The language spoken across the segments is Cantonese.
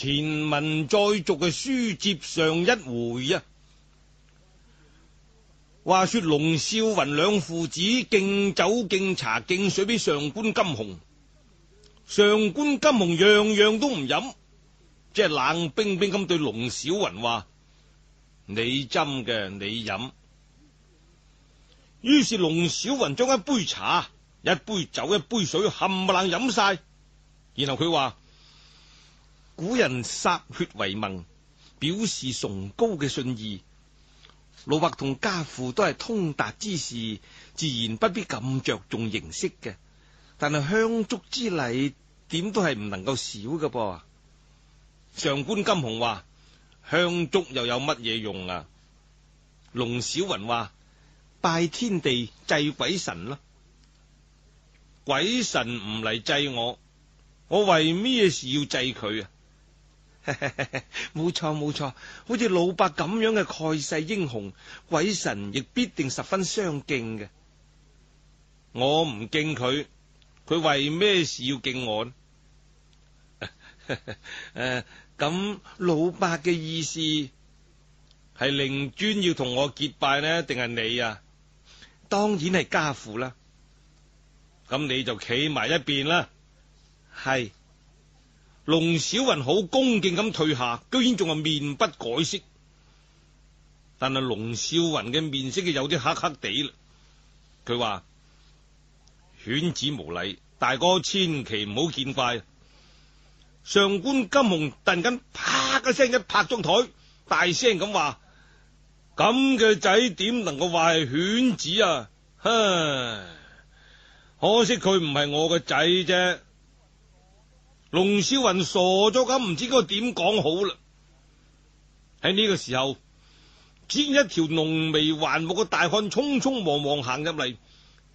前文再續嘅書接上一回啊，話說龍少雲兩父子敬酒敬茶敬水俾上官金虹，上官金虹樣樣都唔飲，即係冷冰冰咁對龍少雲話：你斟嘅你飲。於是龍少雲將一杯茶、一杯酒、一杯水冚唪唥飲晒，然後佢話。古人歃血為盟，表示崇高嘅信義。老伯同家父都係通達之士，自然不必咁着重形式嘅。但係香燭之禮，點都係唔能夠少嘅噃。上官金虹話：香燭又有乜嘢用啊？龍小雲話：拜天地、祭鬼神啦。鬼神唔嚟祭我，我為咩事要祭佢啊？冇錯冇錯，好似 老伯咁樣嘅蓋世英雄，鬼神亦必定十分相敬嘅。我唔敬佢，佢為咩事要敬我呢？誒、 啊，咁老伯嘅意思係令尊要同我結拜呢？定係你啊？當然係家父啦。咁你就企埋一邊啦。係。龍小雲好恭敬咁退下，居然仲係面不改色。但係龍少雲嘅面色就有啲黑黑地啦。佢話，犬子無禮，大哥千祈唔好見怪。上官金虹突然間啪一聲一拍張台，大聲咁話，咁嘅仔點能夠話係犬子啊？哼，可惜佢唔係我嘅仔啫。龍少雲傻咗咁，唔知該點講好啦。喺呢個時候，只見一條濃眉環目嘅大漢匆匆忙忙行入嚟，急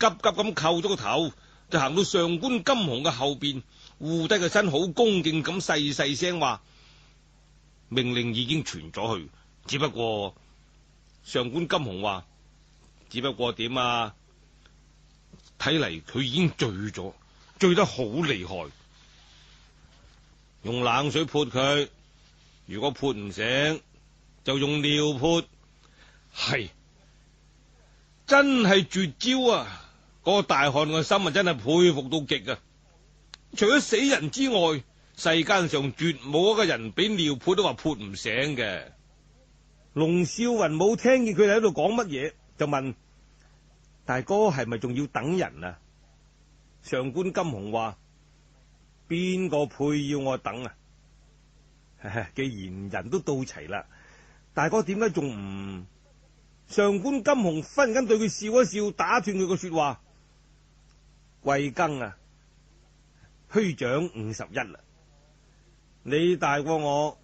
急咁叩咗個頭，就行到上官金鴻嘅後邊，護低個身，好恭敬咁細細聲話：命令已經傳咗去，只不過上官金鴻話，只不過點啊？睇嚟佢已經醉咗，醉得好厲害。用冷水潑佢，如果潑唔醒，就用尿潑，係真係絕招啊！嗰個大漢個心啊，真係佩服到極啊！除咗死人之外，世間上絕冇一個人俾尿潑都話潑唔醒嘅。龍少雲冇聽見佢喺度講乜嘢，就問大哥係咪仲要等人啊？上官金鴻話。邊個配要我等啊？ 既然人都到齊啦，大哥點解仲唔？上官金虹忽然間對佢笑一笑，打斷佢個說話。貴庚啊？虛長五十一啦，你大過我，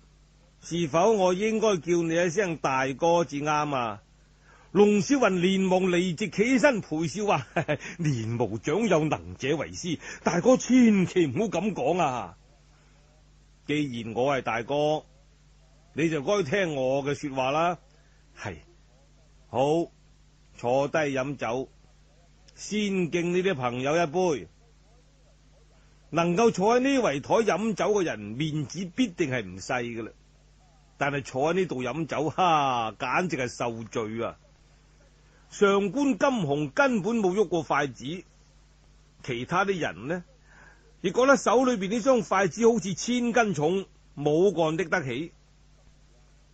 是否我應該叫你一聲大哥至啱啊？龍少雲連忙離席起身陪笑話：年無長幼能者為師，大哥千祈唔好咁講啊！既然我係大哥，你就該聽我嘅說話啦。係，好，坐低飲酒，先敬呢啲朋友一杯。能夠坐喺呢圍台飲酒嘅人，面子必定係唔細噶啦。但係坐喺呢度飲酒，哈，簡直係受罪啊！上官金鴻根本冇喐過筷子，其他啲人呢，亦覺得手裏邊呢雙筷子好似千斤重，冇個人拎得起。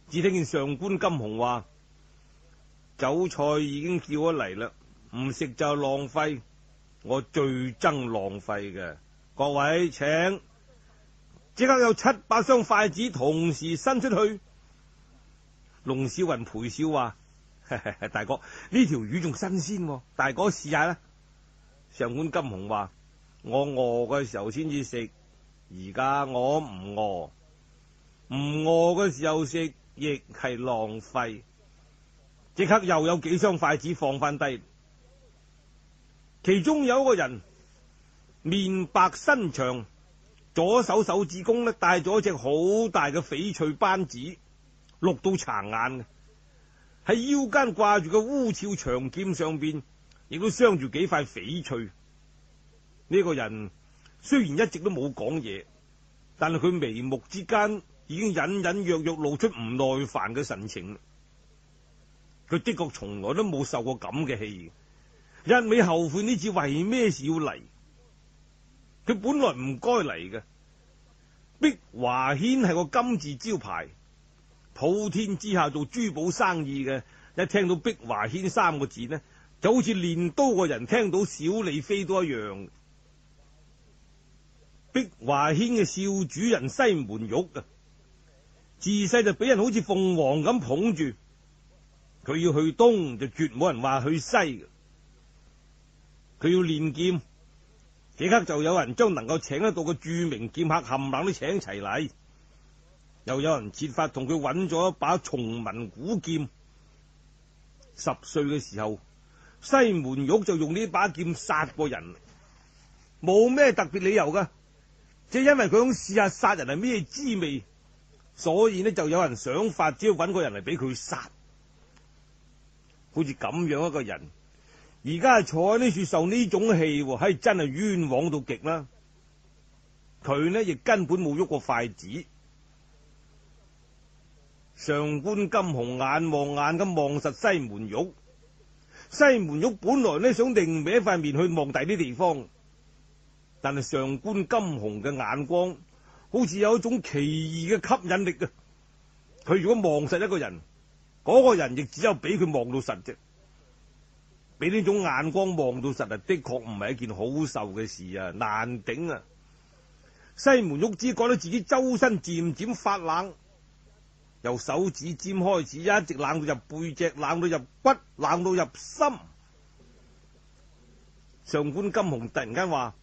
只聽見上官金鴻話：酒菜已經叫咗嚟啦，唔食就浪費，我最憎浪費嘅。各位請，即刻有七八雙筷子同時伸出去。龍小雲陪笑話。 大哥，呢條魚仲新鮮喎，大哥試下啦。上官金虹話：我餓嘅時候先至食，而家我唔餓，唔餓嘅時候食亦係浪費。即刻又有幾雙筷子放翻低，其中有一個人面白身長，左手手指公呢戴咗一隻好大嘅翡翠扳指，綠到茶眼。喺腰間掛住嘅烏鞘長劍上邊，亦都鑲住幾塊翡翠。呢個人雖然一直都冇講嘢，但係佢眉目之間已經隱隱約約露出唔耐煩嘅神情。佢的確從來都冇受過咁嘅氣，一味後悔呢次為咩事要嚟。佢本來唔該嚟嘅，碧華軒係個金字招牌。普天之下做珠寶生意嘅，一聽到碧華軒三個字呢，就好似練刀個人聽到小李飛刀一樣。碧華軒嘅少主人西門玉啊，自細就俾人好似鳳凰咁捧住，佢要去東就絕冇人話去西嘅。佢要練劍，即刻就有人將能夠請得到嘅著名劍客冚冷都請齊嚟。又有人設法同佢揾咗一把重文古劍。十歲嘅時候，西門玉就用呢把劍殺過人，冇咩特別理由噶，只因為佢想試下殺人係咩滋味，所以呢就有人想法，只要揾個人嚟俾佢殺。好似咁樣一個人，而家係坐喺呢處受呢種氣，係真係冤枉到極啦。佢呢亦根本冇喐過筷子。上官金鴻眼望眼咁望實西門玉，西門玉本來呢想擰歪塊面去望第啲地方，但係上官金鴻嘅眼光好似有一種奇異嘅吸引力啊！佢如果望實一個人，嗰個人亦只有俾佢望到實啫。俾呢種眼光望到實啊，的確唔係一件好受嘅事啊，難頂啊！西門玉只覺得自己周身漸漸發冷。由手指尖開始，一直冷到入背脊，冷到入骨，冷到入心。上官金虹突然間話：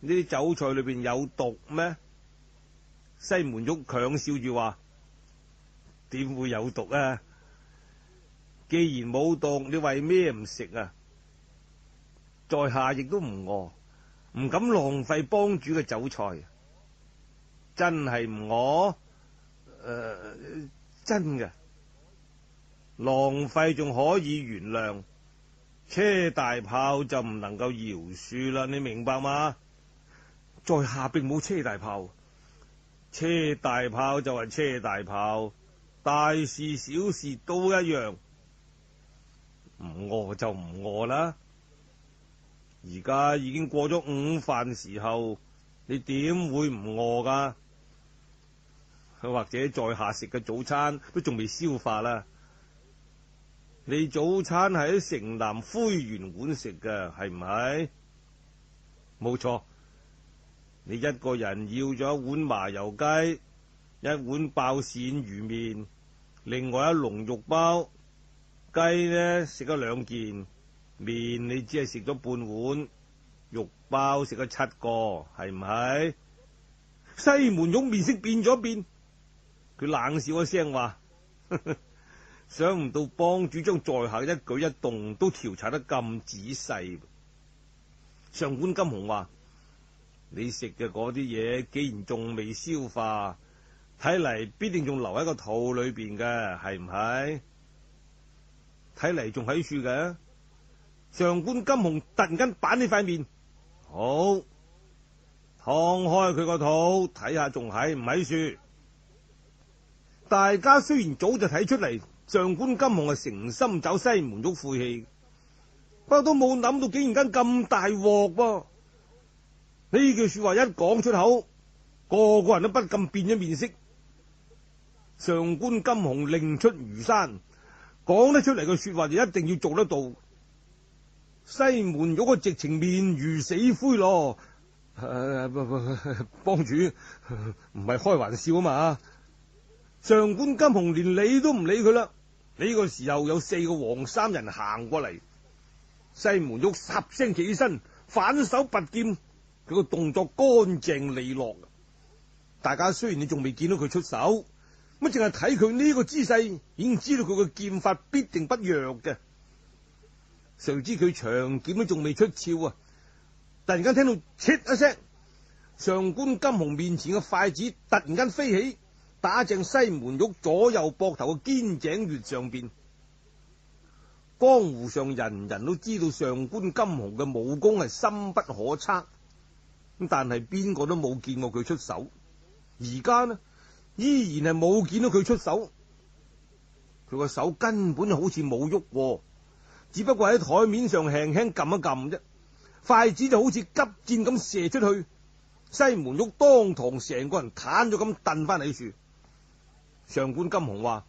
呢啲酒菜裏邊有毒咩？西門玉強笑住話：點會有毒啊？既然冇毒，你為咩唔食啊？在下亦都唔餓，唔敢浪費幫主嘅酒菜。真係唔餓。誒、呃，真嘅浪費仲可以原諒，車大炮就唔能夠饒恕啦。你明白嗎？在下並冇車大炮，車大炮就係車大炮，大事小事都一樣。唔餓就唔餓啦。而家已經過咗午飯時候，你點會唔餓噶？佢或者在下食嘅早餐都仲未消化啦。你早餐喺城南灰原館食噶，係唔係？冇錯。你一個人要咗一碗麻油雞，一碗爆鱔魚麵，另外一籠肉包。雞呢食咗兩件，麵你只係食咗半碗，肉包食咗七個，係唔係？西門勇面色變咗變。佢冷笑一聲話：想唔到幫主將在下一舉一動都調查得咁仔細。上官金雄話：你食嘅嗰啲嘢，既然仲未消化，睇嚟必定仲留喺個肚裏邊嘅，係唔係？睇嚟仲喺處嘅。上官金鴻突然間板起塊面，好，劏開佢個肚，睇下仲喺唔喺處。大家雖然早就睇出嚟，上官金虹係誠心走西門玉晦氣，不過都冇諗到竟然間咁大鑊噃、啊。呢句說話一講出口，個個人都不禁變咗面色。上官金虹令出如山，講得出嚟嘅說話就一定要做得到。西門玉個，直情面如死灰咯。幫、啊、主唔係開玩笑啊嘛。上官金鴻連理都唔理佢啦，呢個時候有四個黃衫人行過嚟，西門玉霎聲起身，反手拔劍，佢個動作乾淨利落。大家雖然你仲未見到佢出手，乜淨係睇佢呢個姿勢，已經知道佢個劍法必定不弱嘅。誰知佢長劍都仲未出鞘啊！突然間聽到切一聲，上官金鴻面前嘅筷子突然間飛起。打正西門玉左右膊頭嘅肩井穴上邊，江湖上人人都知道上官金虹嘅武功係深不可測，咁但係邊個都冇見過佢出手，而家呢依然係冇見到佢出手，佢個手根本好似冇喐，只不過喺台面上輕輕撳一撳啫，筷子就好似急箭咁射出去，西門玉當堂成個人癱咗咁頓翻嚟處。上官金雄話：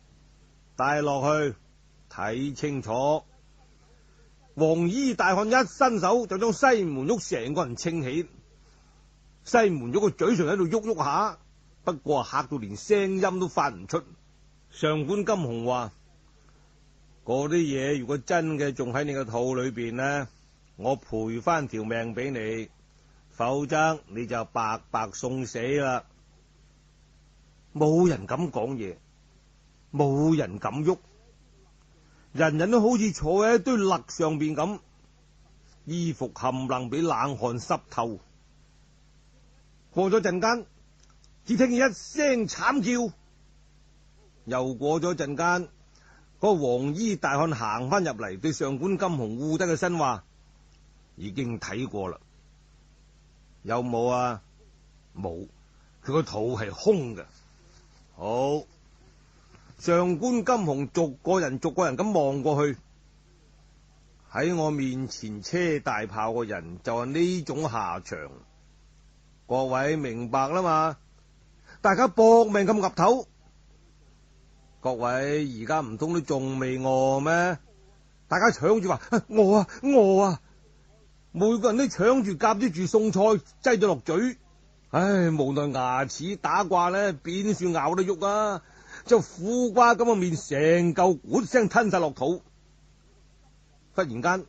帶落去睇清楚。黃衣大漢一伸手就將西門玉成個人清起。西門玉個嘴唇喺度喐喐下，不過吓到連聲音都發唔出。上官金雄話：嗰啲嘢如果真嘅，仲喺你個肚裏邊呢？我賠翻條命俾你，否則你就白白送死啦。冇人敢講嘢，冇人敢喐，人人都好似坐喺一堆肋上邊咁，衣服冚冷俾冷汗濕透。過咗陣間，只聽見一聲慘叫。又過咗陣間，個黃衣大漢行翻入嚟，對上官金鴻護德嘅身話：已經睇過啦，有冇啊？冇，佢個肚係空嘅。好，上官金虹逐個人逐個人咁望過去，喺我面前車大炮個人就係、是、呢種下場，各位明白啦嘛？大家搏命咁岌頭，各位而家唔通都仲未餓咩？大家搶住話餓啊餓啊,啊，每個人都搶住夾啲住餸菜，擠咗落嘴。唉，無奈牙齒打掛呢邊算咬得喐啊！就苦瓜咁嘅面，成嚿咕聲吞晒落肚。忽然間，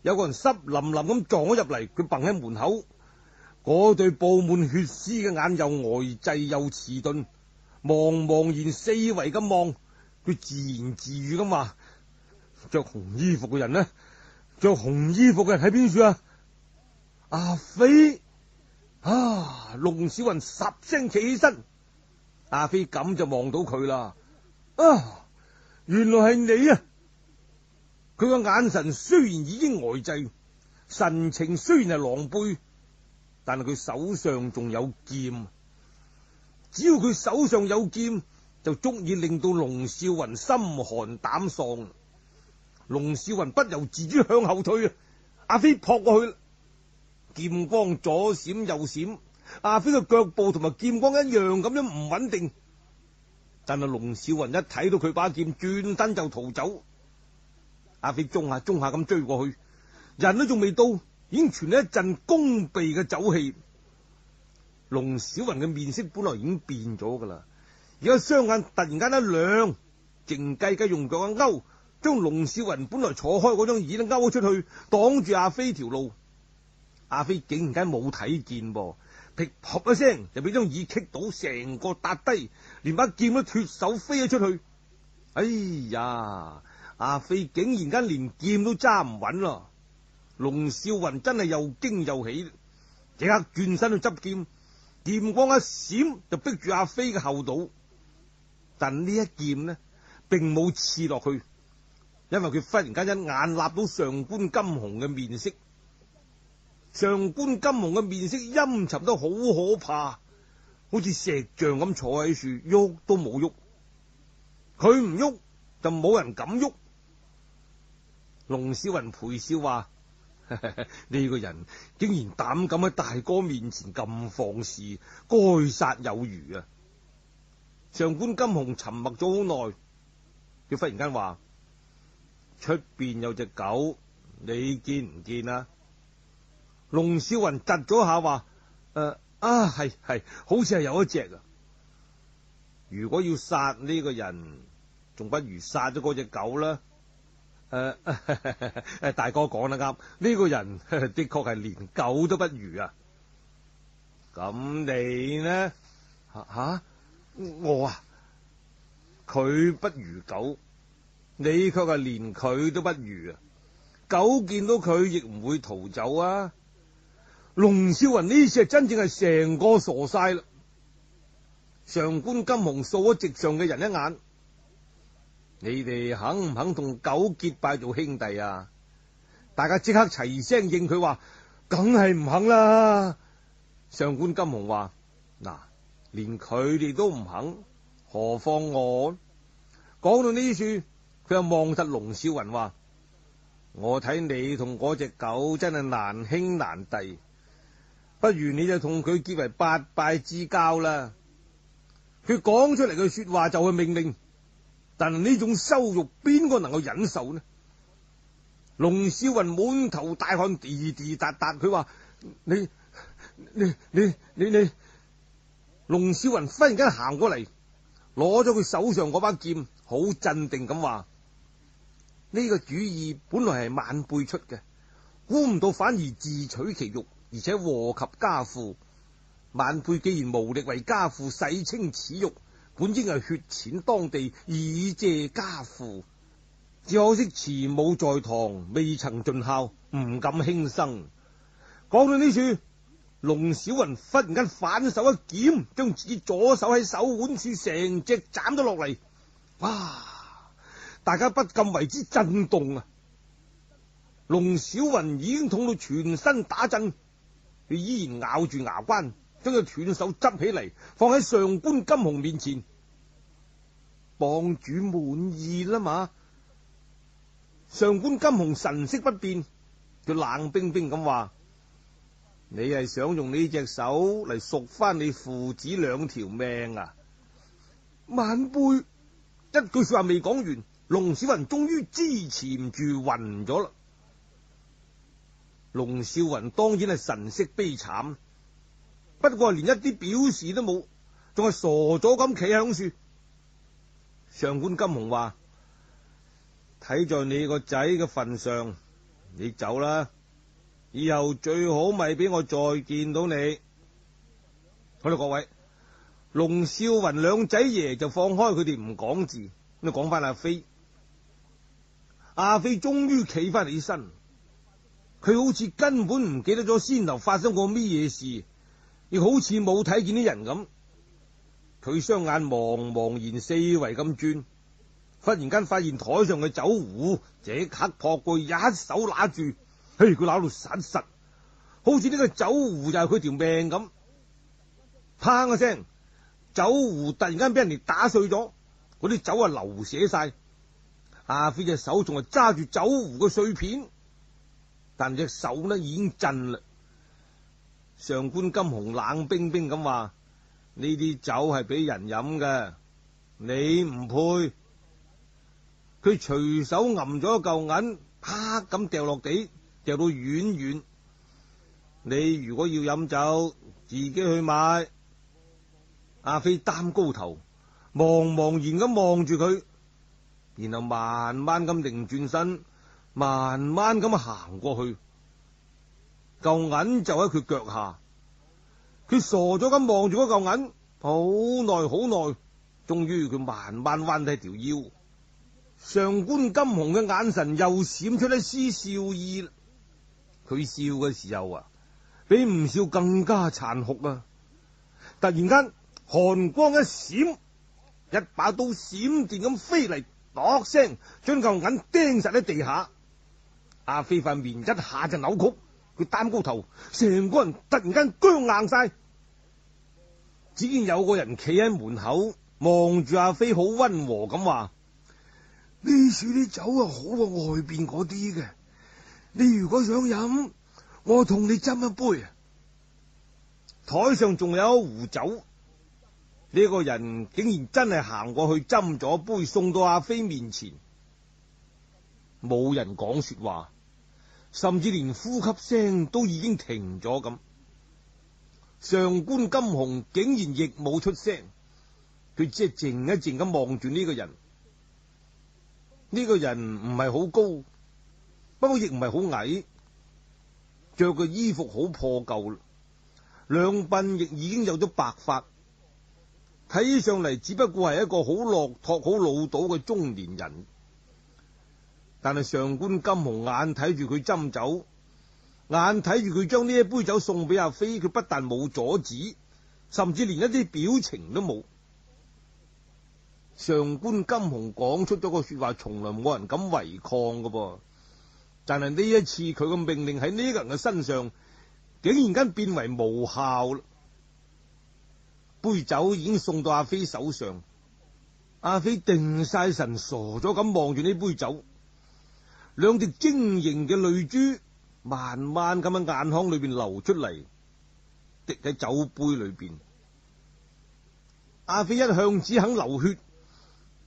有個人濕淋淋咁撞咗入嚟，佢掹喺門口。嗰對布滿血絲嘅眼又呆滯又遲鈍，茫茫然四圍咁望。佢自言自語咁話：着紅衣服嘅人呢？着紅衣服嘅人喺邊處啊？阿飛。啊！龍少雲十聲企起身，阿飛咁就望到佢啦，啊！原來係你啊！佢個眼神雖然已經呆滯，神情雖然係狼狽，但係佢手上仲有劍。只要佢手上有劍，就足以令到龍少雲心寒膽喪。龍少雲不由自主向後退啊！阿飛撲過去。劍光左閃右閃，阿飛嘅腳步同埋劍光一樣咁樣唔穩定。但係龍小雲一睇到佢把劍，轉身就逃走。阿飛中下中下咁追過去，人都仲未到，已經傳嚟一陣攻鼻嘅酒氣。龍小雲嘅面色本來已經變咗噶啦，而家雙眼突然間一亮，靜雞雞用腳勾將龍小雲本來坐開嗰張椅勾咗出去，擋住阿飛條路。阿飛竟然間冇睇見噃，噼撲一聲就俾張椅棘到成個笪低，連把劍都脱手飛咗出去。哎呀，阿飛竟然間連劍都揸唔穩咯！龍少雲真係又驚又喜，即刻轉身去執劍，劍光一閃就逼住阿飛嘅後腦，但呢一劍呢，並冇刺落去，因為佢忽然間一眼納到上官金鴻嘅面色。上官金鴻嘅面色陰沉得好可怕，好似石像咁坐喺樹，喐都冇喐。佢唔喐就冇人敢喐。龍小雲陪笑話：呢 個人竟然膽敢喺大哥面前咁放肆，該殺有餘啊！上官金鴻沉默咗好耐，佢忽然間話：出邊有隻狗，你見唔見啊？龍少雲窒咗下話：誒、呃、啊，係係，好似係有一隻。如果要殺呢個人，仲不如殺咗嗰隻狗啦。誒、呃， 大哥講得啱，呢、這個人的確係連狗都不如啊。咁你呢？吓、啊、吓，我啊，佢不如狗，你卻係連佢都不如啊。狗見到佢亦唔會逃走啊。龍少雲呢次係真正係成個傻晒啦！上官金鴻掃咗席上嘅人一眼，你哋肯唔肯同狗結拜做兄弟啊？大家即刻齊聲應佢話，梗係唔肯啦！上官金鴻話：嗱，連佢哋都唔肯，何況我？講到呢處，佢又望實龍少雲話：我睇你同嗰隻狗真係難兄難弟。不如你就同佢結為八拜之交啦。佢講出嚟嘅說話就係命令，但係呢種羞辱邊個能夠忍受呢？龍少雲滿頭大汗，滴滴答答，佢話：你、你、你、你、你。龍少雲忽然間行過嚟，攞咗佢手上把劍，好鎮定咁話：呢個主意本來係晚輩出嘅，估唔到反而自取其辱。而且禍及家父，晚輩既然無力為家父洗清恥辱，本應係血濺當地以借家父，只可惜慈母在堂，未曾盡孝，唔敢輕生。講到呢處，龍小雲忽然間反手一劍，將自己左手喺手腕處成隻斬咗落嚟。哇！大家不禁為之震動啊！龍小雲已經痛到全身打震。佢依然咬住牙關，將佢斷手執起嚟，放喺上官金虹面前。幫主滿意啦嘛？上官金虹神色不變，佢冷冰冰咁話：你係想用呢隻手嚟贖翻你父子兩條命啊？晚輩一句說話未講完，龍小雲終於支持唔住暈，暈咗啦。龍少雲當然係神色悲慘，不過連一啲表示都冇，仲係傻咗咁企響樹。上官金虹話：睇在你個仔嘅份上，你走啦，以後最好咪俾我再見到你。好啦，各位，龍少雲兩仔爺就放開佢哋，唔講字。咁啊，講翻阿飛，阿飛終於企翻起身。佢好似根本唔記得咗先頭發生過咩嘢事，亦好似冇睇見啲人咁。佢雙眼茫茫然四圍咁轉，忽然間發現台上嘅酒壺，即刻撲過去一手攋住。嘿，佢攋到實實，好似呢個酒壺就係佢條命咁。啪一聲，酒壺突然間俾人哋打碎咗，啲酒流啊流瀉晒。阿飛隻手仲係揸住酒壺嘅碎片。但隻手呢已經震嘞。上官金鴻冷冰冰咁話：呢啲酒係俾人飲嘅，你唔配。佢隨手揞咗一舊銀，啪咁掉落地，掉到遠遠。你如果要飲酒，自己去買。阿飛擔高頭，茫茫然咁望住佢，然後慢慢咁擰轉身。慢慢咁行過去，舊銀就喺佢腳下，佢傻咗咁望住嗰舊銀，好耐好耐，終於佢慢慢彎低條腰，上官金虹嘅眼神又閃出一絲笑意。佢笑嘅時候啊，比唔笑更加殘酷啊！突然間寒光一閃，一把刀閃電咁飛嚟，噹聲將舊銀釘實喺地下。阿飛塊面一下就扭曲，佢擔高頭，成個人突然間僵硬晒。只見有個人企喺門口望住阿飛，好温和咁話：呢處啲酒啊好過外邊啲嘅，你如果想飲，我同你斟一杯啊。台上仲有一壺酒，呢個人竟然真係行過去斟咗杯，送到阿飛面前。冇人講說話，甚至連呼吸聲都已經停咗咁。上官金鴻竟然亦冇出聲，佢只係靜一靜咁望住呢個人。呢個人唔係好高，不過亦唔係好矮，着嘅衣服好破舊，兩鬢亦已經有咗白髮，睇上嚟只不過係一個好落拓、好潦倒嘅中年人。但係上官金虹眼睇住佢斟酒，眼睇住佢將呢一杯酒送俾阿飛，佢不但冇阻止，甚至連一啲表情都冇。上官金虹講出咗個說話，從來冇人敢違抗嘅噃。但係呢一次，佢嘅命令喺呢個人嘅身上，竟然間變為無效。杯酒已經送到阿飛手上，阿飛定晒神，傻咗咁望住呢杯酒。兩滴晶瑩嘅淚珠慢慢咁喺眼眶裏邊流出嚟，滴喺酒杯裏邊。阿飛一向只肯流血，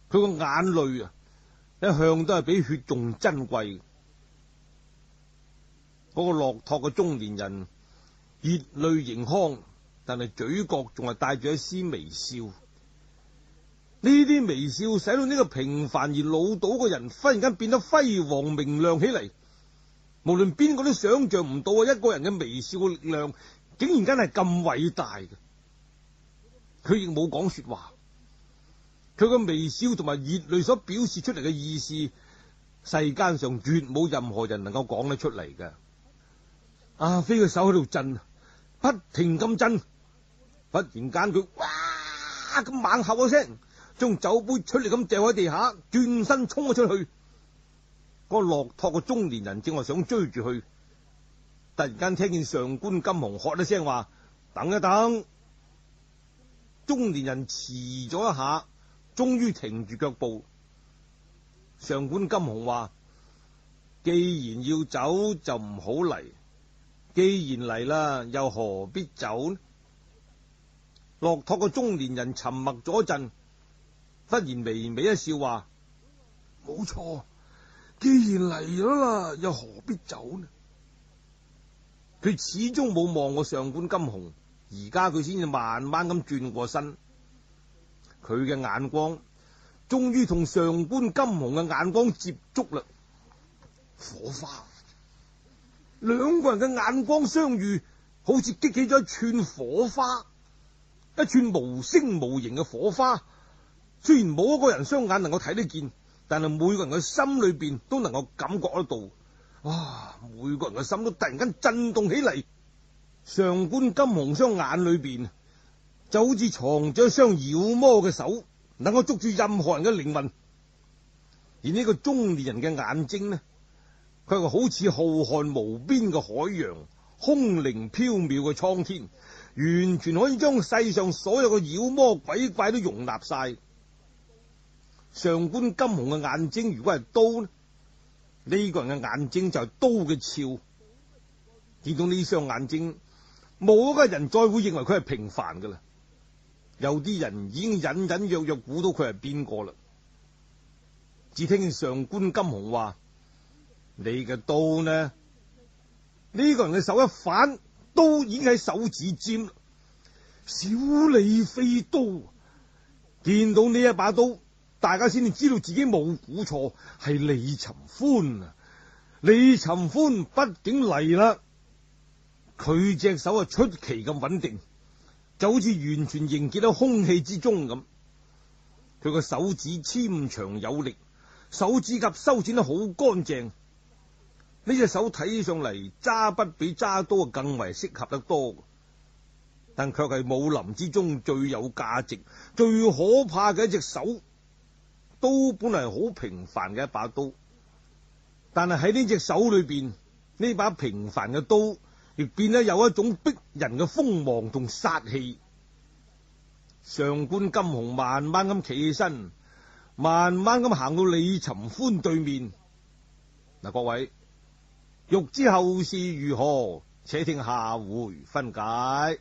佢個眼淚啊，一向都係比血仲珍貴。嗰個落拓嘅中年人熱淚盈眶，但係嘴角仲係帶住一絲微笑。呢啲微笑使到呢個平凡而老道嘅人忽然間變得輝煌明亮起嚟。無論邊個都想象唔到啊！一個人嘅微笑嘅力量，竟然間係咁偉大嘅。佢亦冇講說話。佢個微笑同埋熱淚所表示出嚟嘅意思，世間上絕冇任何人能夠講得出嚟嘅。阿飛嘅手喺度震，不停咁震。忽然間佢哇咁猛吼一聲。將酒杯出嚟咁掉喺地下，轉身衝咗出去。那個落拓個中年人正話想追住佢，突然間聽見上官金鴻喝一聲話：等一等！中年人遲咗一下，終於停住腳步。上官金鴻話：既然要走就唔好嚟，既然嚟啦又何必走呢？落拓個中年人沉默咗一陣。忽然微微一笑，話：冇錯，既然嚟咗啦，又何必走呢？佢始終冇望過上官金虹，而家佢先至慢慢咁轉過身，佢嘅眼光終於同上官金虹嘅眼光接觸啦，火花。兩個人嘅眼光相遇，好似激起咗一串火花，一串無聲無形嘅火花。雖然冇一個人雙眼能夠睇得見，但係每個人嘅心裏邊都能夠感覺得到。啊，每個人嘅心都突然間震動起嚟。上官金鴻雙眼裏邊就好似藏咗一雙妖魔嘅手，能夠捉住任何人嘅靈魂。而呢個中年人嘅眼睛呢，佢就好似浩瀚無邊嘅海洋，空靈飄渺嘅蒼天，完全可以將世上所有嘅妖魔鬼怪都容納晒。上官金鴻嘅眼睛如果係刀呢？呢個人嘅眼睛就係刀嘅鞘。見到呢雙眼睛，冇一個人再會認為佢係平凡噶啦。有啲人已經隱隱約約估到佢係邊個啦。只聽見上官金鴻話：你嘅刀呢？呢個人嘅手一反，刀已經喺手指尖。小李飛刀，見到呢一把刀。大家先至知道自己冇估錯，係李尋歡啊！李尋歡畢竟嚟啦，佢隻手啊，出奇咁穩定，就好似完全凝結喺空氣之中咁。佢個手指纖長有力，手指甲修剪得好乾淨。呢隻手睇上嚟揸筆比揸刀啊，更為適合得多，但卻係武林之中最有價值、最可怕嘅一隻手。刀本嚟好平凡嘅一把刀，但係喺呢隻手裏邊，呢把平凡嘅刀亦變咗有一種逼人嘅鋒芒同殺氣。上官金鴻慢慢咁企起身，慢慢咁行到李尋歡對面。嗱，各位欲知後事如何，且聽下回分解。